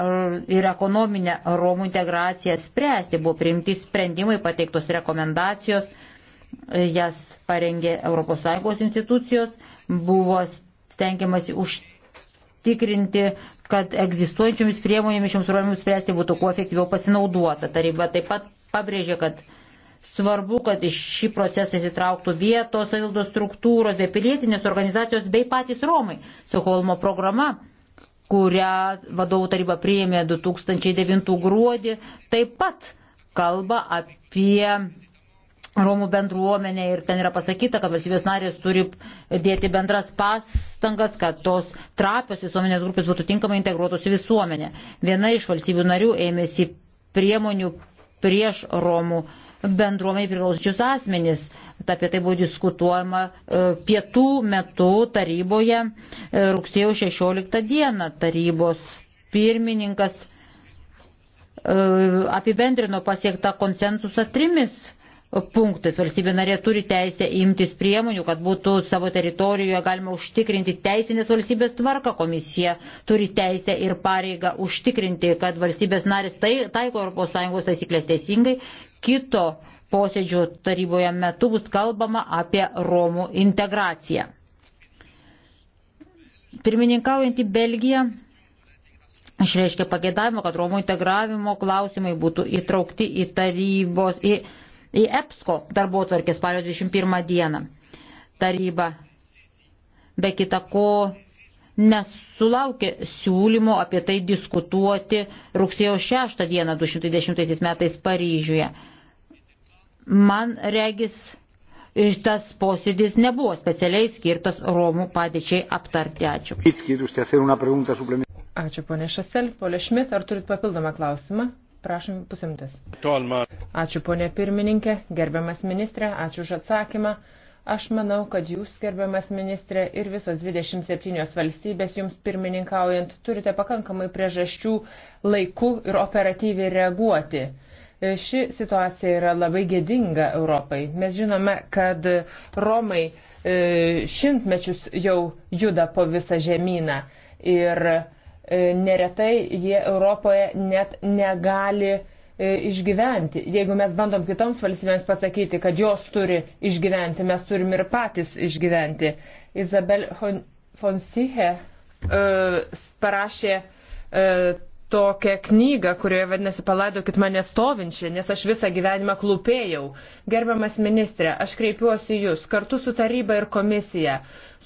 ir ekonominę Romų integraciją spręsti. Buvo priimti sprendimai, pateiktos rekomendacijos jas parengė ES institucijos, buvo stengiamasi užtikrinti, kad egzistuojančiomis priemonėmis šioms problemams spręsti būtų kuo efektyviau pasinaudota. Taryba taip pat pabrėžė, kad svarbu, kad į šį procesą įsitrauktų vietos savildos struktūros bei pilietinės organizacijos bei patys Romai. Sokolmo programa, kurią vadovų taryba priėmė 2009 gruodį, taip pat kalba apie Romų bendruomenė ir ten yra pasakyta, kad valstybės narės turi dėti bendras pastangas, kad tos trapios visuomenės grupės būtų tinkamai integruotos į visuomenę. Viena iš valstybių narių ėmėsi priemonių prieš Romų bendruomeniai priklausančius asmenys. Apie tai buvo diskutuojama e, pietų metu taryboje e, rugsėjo 16 dieną tarybos pirmininkas e, apibendrino pasiektą konsensusą trimis punktais. Valstybė narė turi teisę imtis priemonių, kad būtų savo teritorijoje galima užtikrinti teisinės valstybės tvarką. Komisija turi teisę ir pareigą užtikrinti, kad valstybės narės tai, taiko ES taisyklės teisingai. Kito posėdžio taryboje metu bus kalbama apie Romų integraciją. Pirmininkaujantį Belgiją išreiškė pagėdavimą, kad Romų integravimo klausimai būtų įtraukti į tarybos, į į EPSCO darbo tvarkės spalio 21 dieną. Taryba be kita ko nesulaukė siūlymo apie tai diskutuoti rugsėjo 6 dieną 210 metais Paryžiuje. Man regis, tas posėdis nebuvo specialiai skirtas Romų padėčiai aptarti. Ačiū. Ačiū, ponė Šasel. Polė Šmit, ar turit papildomą klausimą? Prašom pusimtas. Ačiū ponė pirmininkė, gerbiamas ministrė, ačiū už atsakymą. Aš manau, kad jūs, gerbiamas ministrė, ir visos 27 valstybės jums pirmininkaujant turite pakankamai priežasčių laiku ir operatyviai reaguoti. Ši situacija yra labai gėdinga Europai. Mes žinome, kad Romai e, šimtmečius jau juda po visą žemyną ir E, neretai jie Europoje net negali e, išgyventi. Jeigu mes bandom kitoms valstybėms pasakyti, kad jos turi išgyventi, mes turim ir patys išgyventi. Izabel Fonsihe parašė e, tokią knygą, kurioje vadinasi Palaidokit mane stovinčią, nes aš visą gyvenimą klūpėjau. Gerbiamas ministrė, aš kreipiuosi jūs kartu su taryba ir komisija.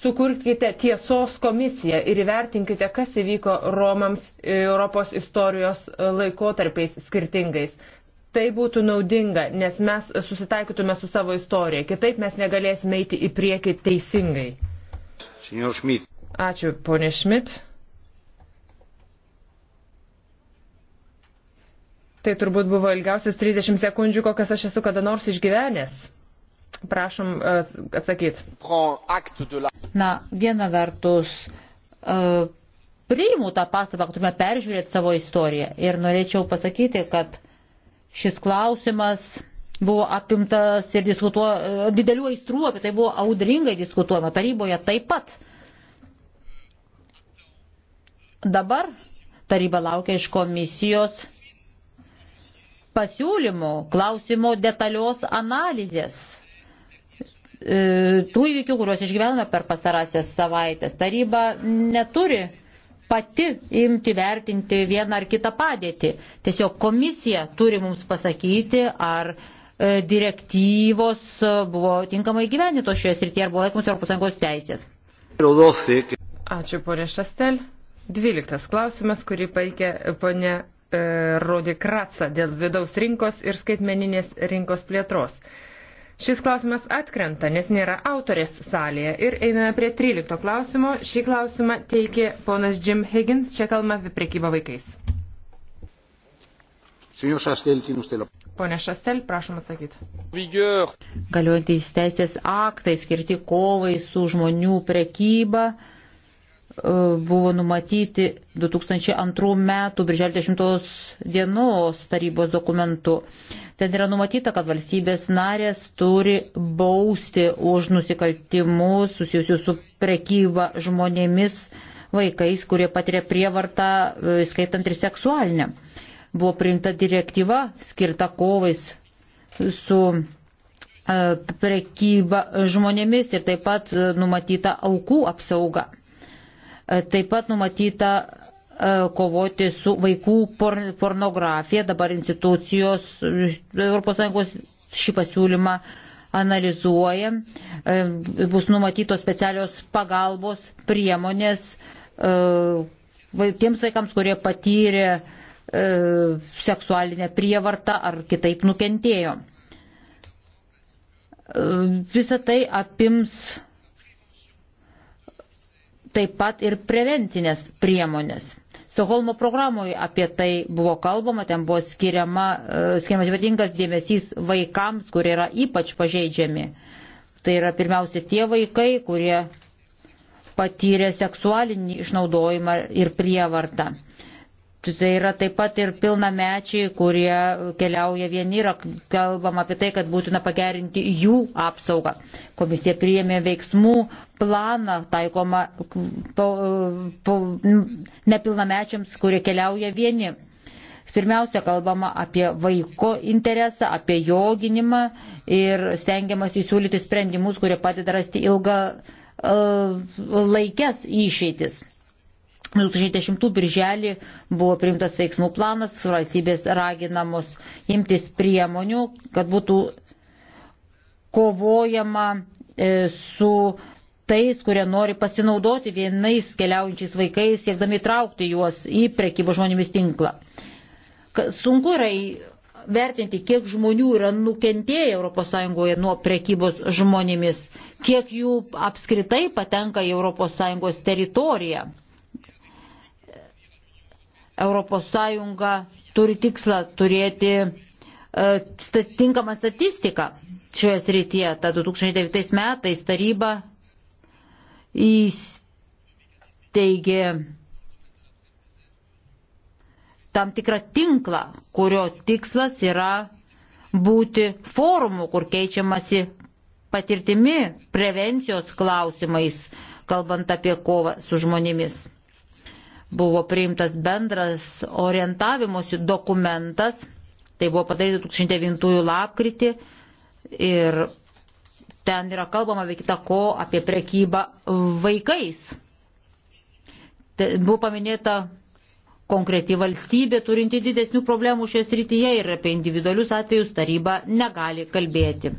Sukurkite tiesos komisiją ir įvertinkite, kas įvyko Romams e, Europos istorijos e, laikotarpiais skirtingais. Tai būtų naudinga, nes mes susitaikytume su savo istorija, kitaip mes negalėsime eiti į priekį teisingai. Ačiū, ponė Šmit. Tai turbūt buvo ilgiausios 30 sekundžių, kokias aš esu kada nors išgyvenęs. Prašom e, atsakyti. Na, viena vertus, e, priimu tą pastabą, kad turime peržiūrėti savo istoriją. Ir norėčiau pasakyti, kad šis klausimas buvo apimtas ir diskutuo, e, didelių aistrų, apie tai buvo audringai diskutuojama taryboje taip pat. Dabar taryba laukia iš komisijos pasiūlymų, klausimo detalios analizės e, tų įvykių, kuriuos išgyvenome per pastarąsias savaitės. Taryba neturi pati imti vertinti vieną ar kitą padėtį. Tiesiog komisija turi mums pasakyti, ar e, direktyvos e, buvo tinkamai gyvenito šioje srityje, ar buvo laikomus ES teisės. Ačiū, ponė Šastel. Dvyliktas klausimas, kurį paikė ponė E, Rodi Kratsa dėl vidaus rinkos ir skaitmeninės rinkos plėtros. Šis klausimas atkrenta, nes nėra autorės salėje. Ir einame prie 13 klausimo. Šį klausimą teikė ponas Jim Higgins. Čia kalbame apie priekybą vaikais. Pone Šastel, prašom atsakyti. Galiuojantys teisės aktai skirti kovai su žmonių prekyba E, buvo numatyti 2002 metų birželio 10 dienos tarybos dokumentu. Ten yra numatyta, kad valstybės narės turi bausti už nusikaltimus susijusius su prekyba žmonėmis vaikais, kurie patiria prievartą, e, skaitant ir seksualinę. Buvo priimta direktyva skirta kovais su e, prekyba žmonėmis ir taip pat numatyta aukų apsauga. E, taip pat numatyta e, kovoti su vaikų pornografija. Dabar institucijos e, ES šį pasiūlymą analizuoja. Bus numatytos specialios pagalbos priemonės tiems vaikams, kurie patyrė seksualinę prievartą ar kitaip nukentėjo. Visą tai apims taip pat ir prevencinės priemonės. Soholmo programoje apie tai buvo kalbama, ten buvo skiriama, e, skiriamas ypatingas dėmesys vaikams, kurie yra ypač pažeidžiami. Tai yra pirmiausia tie vaikai, kurie patyrė seksualinį išnaudojimą ir prievartą. Tai yra taip pat ir pilnamečiai, kurie keliauja vieni ir kalbam apie tai, kad būtina pagerinti jų apsaugą. Komisija priėmė veiksmų planą taikomą po, po, nepilnamečiams, kurie keliauja vieni. Pirmiausia, kalbama apie vaiko interesą, apie jo gynimą ir stengiamas įsiūlyti sprendimus, kurie padeda rasti ilgą uh, e, laikės išeitis 2010 birželį buvo priimtas veiksmų planas, valstybės raginamos imtis priemonių, kad būtų kovojama e, su tais, kurie nori pasinaudoti vienais keliaujančiais vaikais, siekdami traukti juos į prekybos žmonėmis tinklą. Sunku yra vertinti, kiek žmonių yra nukentėję ES nuo prekybos žmonėmis, kiek jų apskritai patenka į ES teritoriją ES turi tikslą turėti e, tinkamą statistiką šioje srityje. Ta 2009 metais taryba įsteigė tam tikrą tinklą, kurio tikslas yra būti forumu, kur keičiamasi patirtimi, prevencijos klausimais, kalbant apie kovą su žmonėmis buvo priimtas bendras orientavimosi dokumentas, tai buvo padaryta 2009 lapkritį ir ten yra kalbama be kita ko apie prekybą vaikais. Te, buvo paminėta konkreti valstybė turinti didesnių problemų šioje srityje ir apie individualius atvejus taryba negali kalbėti.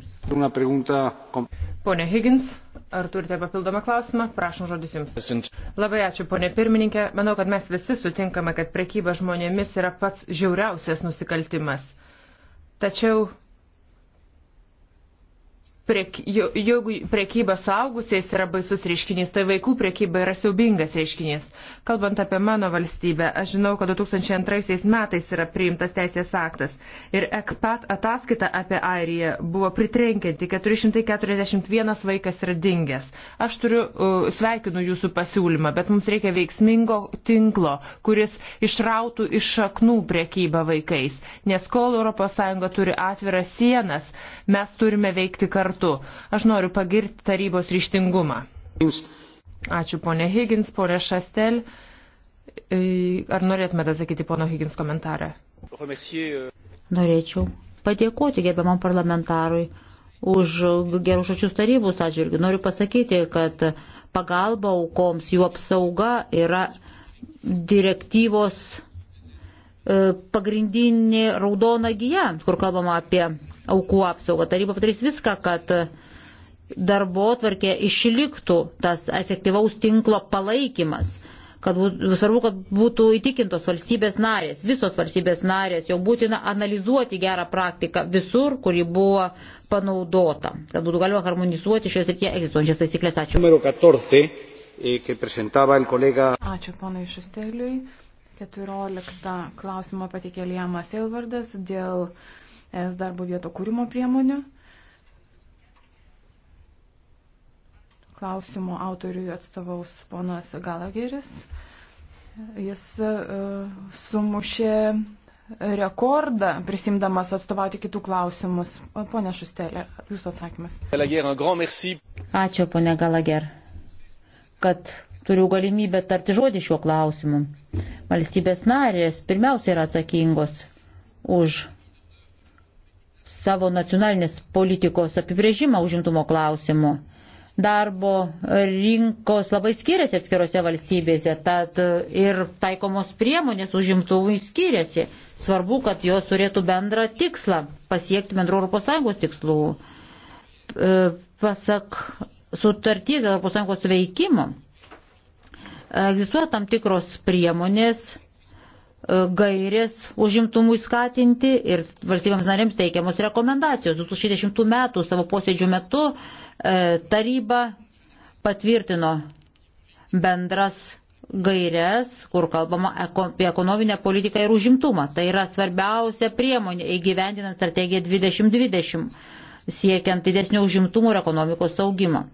Pone Higgins, Ar turite papildomą klausimą? Prašom žodis Jums. Labai ačiū, ponė pirmininkė. Manau, kad mes visi sutinkame, kad prekyba žmonėmis yra pats žiauriausias nusikaltimas. Tačiau Prek, jeigu prekyba suaugusiais yra baisus reiškinys, tai vaikų prekyba yra siaubingas reiškinys. Kalbant apie mano valstybę, aš žinau, kad 2002 metais yra priimtas teisės aktas ir ECPAT ataskaita apie Airiją buvo pritrenkianti, 441 vaikas yra dingęs. Aš turiu, uh, sveikinu jūsų pasiūlymą, bet mums reikia veiksmingo tinklo, kuris išrautų iš šaknų prekybą vaikais, nes kol ES turi atviras sienas, mes turime veikti kartu kartu. Aš noriu pagirti tarybos ryštingumą. Ačiū ponė Higgins, ponė Šastel. E, ar norėtumėte atsakyti pono Higgins komentarą? Euh, Norėčiau padėkoti gerbiamam parlamentarui už gerus žodžius tarybos atžvilgių. Noriu pasakyti, kad pagalba aukoms, jų apsauga yra direktyvos E, pagrindinį raudoną giją, kur kalbama apie aukų apsaugą. Taryba padarys viską, kad darbo tvarkė išliktų tas efektyvaus tinklo palaikymas, kad būtų, svarbu, kad būtų įtikintos valstybės narės, visos valstybės narės, jau būtina analizuoti gerą praktiką visur, kuri buvo panaudota, kad būtų galima harmonizuoti šios ir tie egzistuojančias taisyklės. Ačiū. 14, eh, Ačiū, ponai Šesteliui. 14 klausimą patikė Liemas Elvardas dėl es darbo vieto kūrimo priemonių. Klausimo autoriui atstovaus ponas Galageris. Jis uh, sumušė rekordą, prisimdamas atstovauti kitų klausimus. Pone Šustelė, jūsų atsakymas. Ačiū, pone Galager, kad turiu galimybę tarti žodį šiuo klausimu. Valstybės narės pirmiausia yra atsakingos už savo nacionalinės politikos apibrėžimą užimtumo klausimu. Darbo rinkos labai skiriasi atskirose valstybėse, tad ir taikomos priemonės užimtumui skiriasi. Svarbu, kad jos turėtų bendrą tikslą - pasiekti bendro ES tikslų. E, pasak sutarties dėl ES veikimo Egzistuoja tam tikros priemonės, e, gairės užimtumui skatinti ir valstybėms narėms teikiamos rekomendacijos. 2010 metų savo posėdžių metu e, taryba patvirtino bendras gairias, kur kalbama apie ekonominę politiką ir užimtumą. Tai yra svarbiausia priemonė įgyvendinant strategiją 2020, siekiant didesnio užimtumo ir ekonomikos augimo.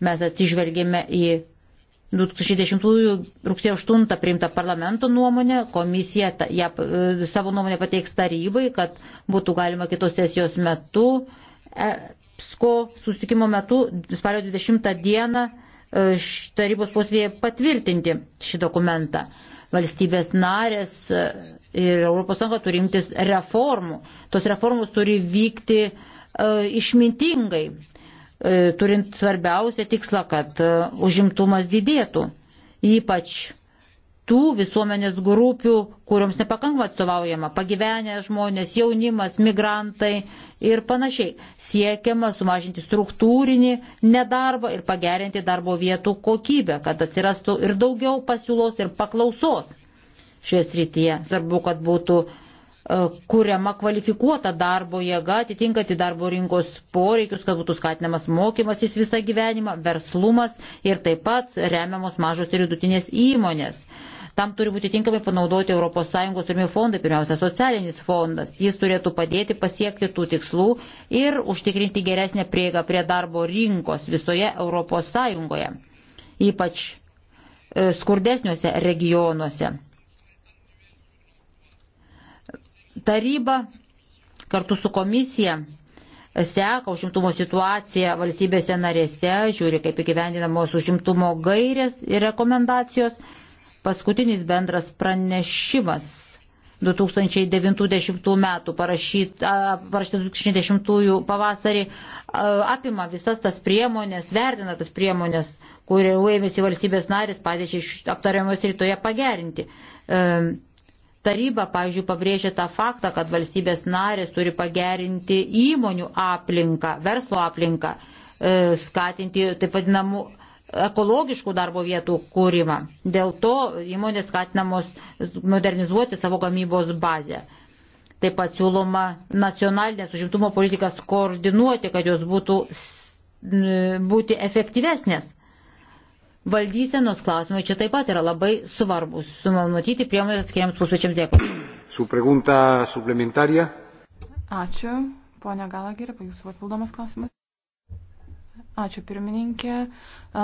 Mes atsižvelgėme į 2010 rugsėjo 8 priimta parlamento nuomonė, komisija ta, ja, e, savo nuomonę pateiks tarybai, kad būtų galima kitos sesijos metu, EPSCO susitikimo metu, spalio 20 dieną e, tarybos posėdėje patvirtinti šį dokumentą. Valstybės narės e, ir ES turi imtis reformų. Tos reformos turi vykti išmintingai, E, turint svarbiausią tikslą, kad e, užimtumas didėtų, ypač tų visuomenės grupių, kuriuoms nepakankamai atstovaujama, pagyvenę žmonės, jaunimas, migrantai ir panašiai. Siekiama sumažinti struktūrinį nedarbą ir pagerinti darbo vietų kokybę, kad atsirastų ir daugiau pasiūlos ir paklausos šioje srityje. Svarbu, kad būtų E, kuriama kvalifikuota darbo jėga, atitinkati darbo rinkos poreikius, kad būtų skatinamas mokymasis visą gyvenimą, verslumas ir taip pat remiamos mažos ir vidutinės įmonės. Tam turi būti tinkamai panaudoti ES turimi fondai, pirmiausia, socialinis fondas. Jis turėtų padėti pasiekti tų tikslų ir užtikrinti geresnę prieigą prie darbo rinkos visoje ES, ypač e, skurdesniuose regionuose Taryba kartu su komisija seka užimtumo situaciją valstybėse narėse, žiūri, kaip įgyvendinamos užimtumo gairės ir rekomendacijos. Paskutinis bendras pranešimas 2090 metų parašytas 2010 pavasarį apima visas tas priemonės, vertina tas priemonės, kurių ėmėsi valstybės narės padėčiai aptariamos rytoje pagerinti. E, Taryba, pavyzdžiui, pabrėžė tą faktą, kad valstybės narės turi pagerinti įmonių aplinką, verslo aplinką, e, skatinti taip vadinamų ekologiškų darbo vietų kūrimą. Dėl to įmonės skatinamos modernizuoti savo gamybos bazę. Taip pat siūloma nacionalinės užimtumo politikas koordinuoti, kad jos būtų būti efektyvesnės. Valdysenos klausimai čia taip pat yra labai svarbus. Sumanutyti priemonės atskiriams pusvečiams dėkui. Su pregunta suplementarija. Ačiū. Pone Galagirė, jūsų papildomas klausimas. Ačiū pirmininkė.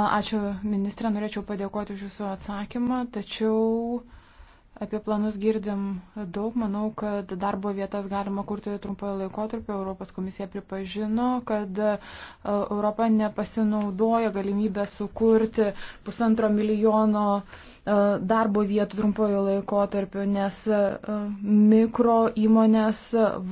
Ačiū ministrė. Norėčiau padėkoti už jūsų atsakymą. Tačiau Apie planus girdim daug. Manau, kad darbo vietas galima kurti trumpoje laikotarpio. Europos komisija pripažino, kad e, Europa nepasinaudoja galimybę sukurti pusantro milijono e, darbo vietų trumpojo laikotarpio, nes e, mikro įmonės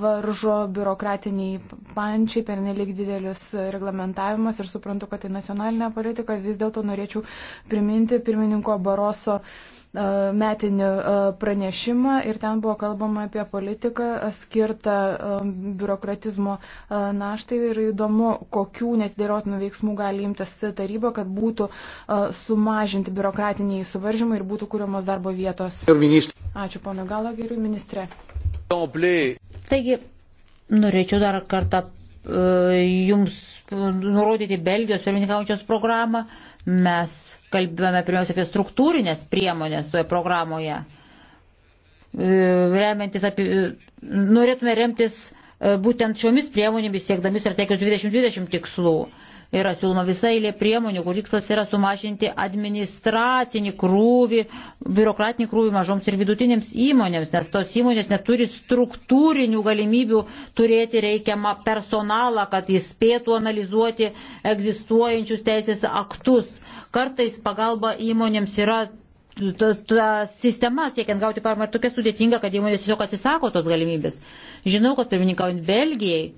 varžo biurokratiniai pančiai, pernelik didelis reglamentavimas ir suprantu, kad tai nacionalinė politika. Vis dėlto norėčiau priminti pirmininko Baroso uh, metinį pranešimą ir ten buvo kalbama apie politiką skirtą biurokratizmo naštai ir įdomu, kokių netidėliotinų veiksmų gali imtis taryba, kad būtų sumažinti biurokratiniai suvaržymai ir būtų kūriamos darbo vietos. Ačiū, pono Galageriui, ministrė. Taigi, norėčiau dar kartą e, jums nurodyti Belgijos pirmininkaujančios programą Mes kalbėjome pirmiausia apie struktūrinės priemonės toje programoje. E, remiantis apie, norėtume remtis e, būtent šiomis priemonėmis siekdami strategijos 2020 tikslų. Yra siūloma visai lė priemonių, kur tikslas yra sumažinti administracinį krūvį, biurokratinį krūvį mažoms ir vidutinėms įmonėms, nes tos įmonės neturi struktūrinių galimybių turėti reikiamą personalą, kad jis spėtų analizuoti egzistuojančius teisės aktus. Kartais pagalba įmonėms yra ta, ta sistema siekiant gauti paramą yra tokia sudėtinga, kad įmonės tiesiog atsisako tos galimybės. Žinau, kad pirmininkaujant Belgijai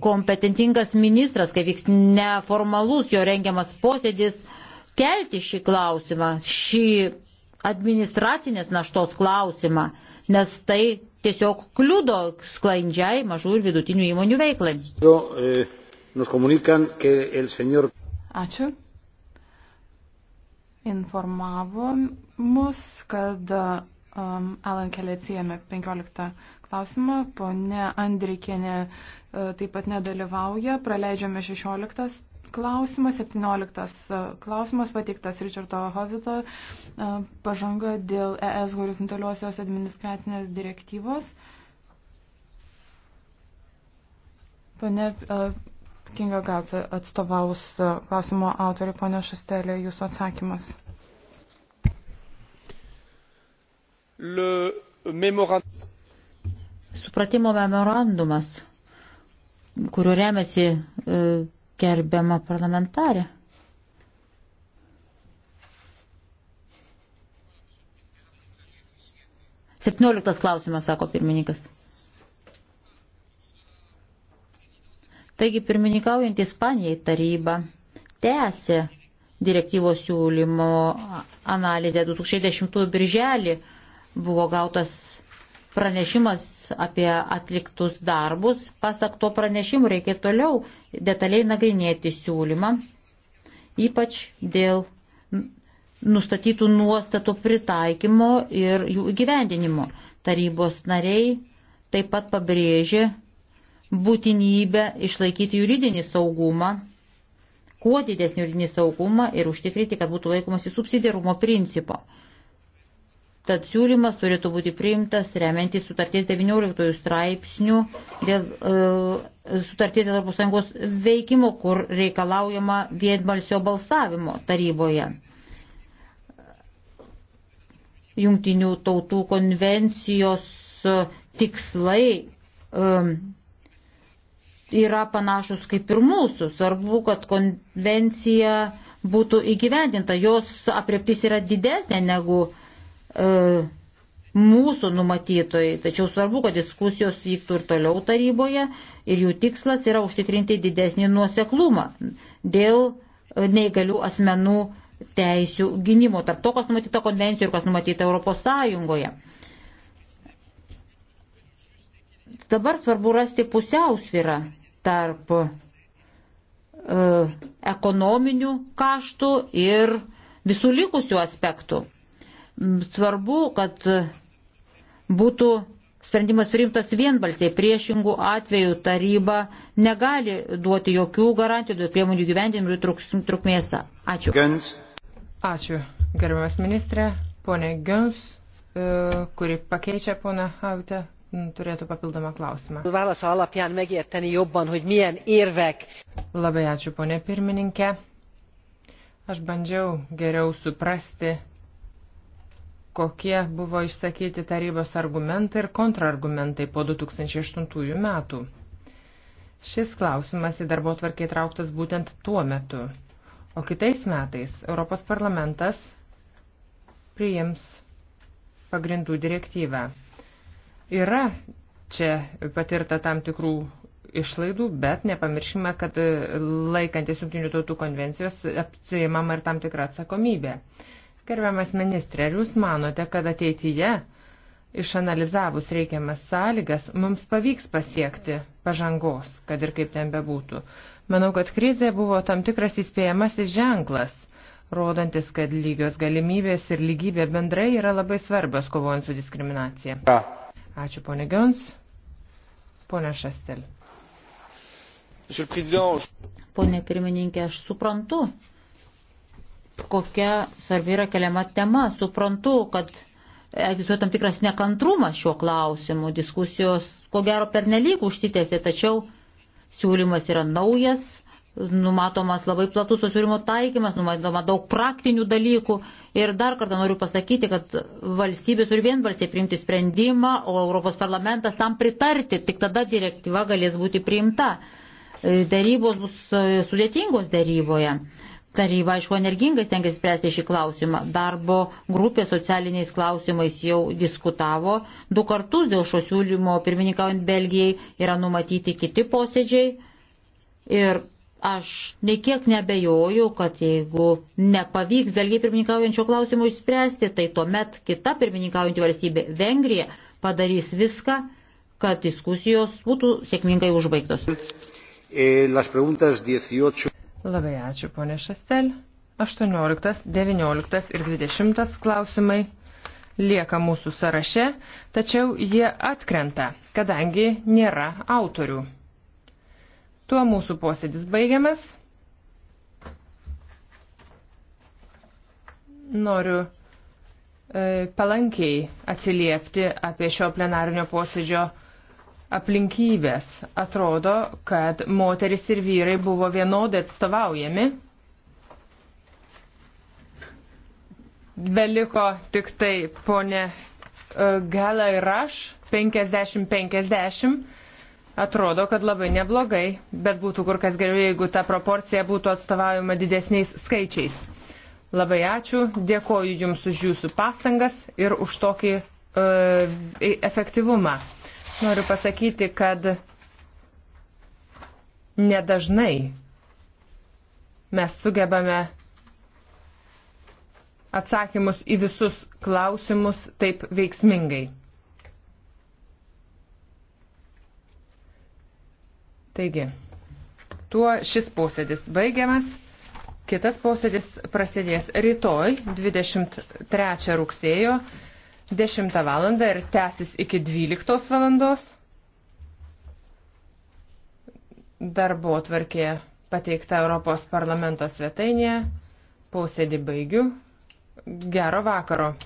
kompetentingas ministras, kai vyks neformalus jo rengiamas posėdis, kelti šį klausimą, šį administracinės naštos klausimą, nes tai tiesiog kliudo sklandžiai mažų ir vidutinių įmonių veiklai. E, Ačiū. Informavo mus, kad um, Alan Kelly atsijėmė 15 klausimą. Pone Andrikienė e, taip pat nedalyvauja. Praleidžiame 16 klausimą. 17 e, klausimas pateiktas Richardo Hovito e, pažanga dėl ES horizontaliosios administracinės direktyvos. Pane Kinga Gatsa atstovaus klausimo autorių, pane Šastelė, jūsų atsakymas. Le memorandum supratimo memorandumas, kuriuo remiasi e, gerbiama parlamentarė. Septynioliktas klausimas, sako pirmininkas. Taigi pirmininkaujant Ispanijai taryba tęsė direktyvos siūlymo analizę 2010 birželį buvo gautas pranešimas apie atliktus darbus. Pasak to pranešimų reikia toliau detaliai nagrinėti siūlymą, ypač dėl nustatytų nuostatų pritaikymo ir jų įgyvendinimo. Tarybos nariai taip pat pabrėžė būtinybę išlaikyti juridinį saugumą, kuo didesnį juridinį saugumą ir užtikrinti, kad būtų laikomasi subsidiarumo principo. Tad siūlymas turėtų būti priimtas remiantis sutarties 19 straipsnių dėl e, sutarties dėl ES veikimo, kur reikalaujama vienbalsio balsavimo taryboje. Jungtinių tautų konvencijos e, tikslai e, yra panašus kaip ir mūsų. Svarbu, kad konvencija būtų įgyvendinta. Jos apreptis yra didesnė negu e, E, mūsų numatytojai, tačiau svarbu, kad diskusijos vyktų ir toliau taryboje ir jų tikslas yra užtikrinti didesnį nuoseklumą dėl neįgalių asmenų teisių gynimo, tarp to, kas numatyta konvencijoje ir kas numatyta Europos Sąjungoje. Dabar svarbu rasti pusiausvyrą tarp e, ekonominių kaštų ir visų likusių aspektų. Mm, svarbu, kad būtų sprendimas priimtas vienbalsiai, priešingų atvejų taryba negali duoti jokių garantijų dėl priemonių gyvendinimų ir trukmės. Ačiū. Gens. Ačiū, gerbiamas ministrė. Pone Gens, e, kuri pakeičia poną Hautę, turėtų papildomą klausimą. Labai ačiū, ponė pirmininkė. Aš bandžiau geriau suprasti kokie buvo išsakyti tarybos argumentai ir kontrargumentai po 2008 metų. Šis klausimas į darbo tvarkį įtrauktas būtent tuo metu, o kitais metais Europos parlamentas priims pagrindų direktyvą. Yra čia patirta tam tikrų išlaidų, bet nepamirškime, kad laikantis Junktinių tautų konvencijos apsijimama ir tam tikra atsakomybė. Gerbiamas ministrė, ar jūs manote, kad ateityje, išanalizavus reikiamas sąlygas, mums pavyks pasiekti pažangos, kad ir kaip ten bebūtų? Manau, kad krizė buvo tam tikras įspėjamasis ženklas, rodantis, kad lygios galimybės ir lygybė bendrai yra labai svarbios kovojant su diskriminacija. Ačiū, ponė Gions. Pone Šastel. Pone pirmininkė, aš suprantu, kokia svarbi yra keliama tema. Suprantu, kad egzistuoja tam tikras nekantrumas šiuo klausimu. Diskusijos, ko gero, pernelyg užsitęsė, tačiau siūlymas yra naujas, numatomas labai platus to siūlymo taikymas, numatoma daug praktinių dalykų. Ir dar kartą noriu pasakyti, kad valstybė turi vienbalsiai priimti sprendimą, o Europos parlamentas tam pritarti, tik tada direktyva galės būti priimta. Darybos bus e, sudėtingos daryboje. Taryba, aišku, energingai stengiasi spręsti šį klausimą. Darbo grupė socialiniais klausimais jau diskutavo. Du kartus dėl šio siūlymo pirmininkaujant Belgijai yra numatyti kiti posėdžiai. Ir aš nekiek nebejoju, kad jeigu nepavyks Belgijai pirmininkaujančio klausimo išspręsti, tai tuomet kita pirmininkaujanti valstybė Vengrija padarys viską, kad diskusijos būtų sėkmingai užbaigtos. Eh, las preguntas 18. Labai ačiū, ponė Šastel. 18, 19 ir 20 klausimai lieka mūsų sąraše, tačiau jie atkrenta, kadangi nėra autorių. Tuo mūsų posėdis baigiamas. Noriu e, palankiai atsiliepti apie šio plenarinio posėdžio aplinkybės. Atrodo, kad moteris ir vyrai buvo vienodai atstovaujami. Beliko tik tai ponė e, Gala ir aš 50-50. Atrodo, kad labai neblogai, bet būtų kur kas geriau, jeigu ta proporcija būtų atstovaujama didesniais skaičiais. Labai ačiū, dėkoju Jums už Jūsų pastangas ir už tokį uh, efektyvumą noriu pasakyti, kad nedažnai mes sugebame atsakymus į visus klausimus taip veiksmingai. Taigi, tuo šis posėdis baigiamas. Kitas posėdis prasidės rytoj, 23 rugsėjo. 10 val. ir tęsis iki 12 val. Darbo atvarkė pateikta Europos parlamento svetainėje. Posėdį baigiu. Gero vakaro.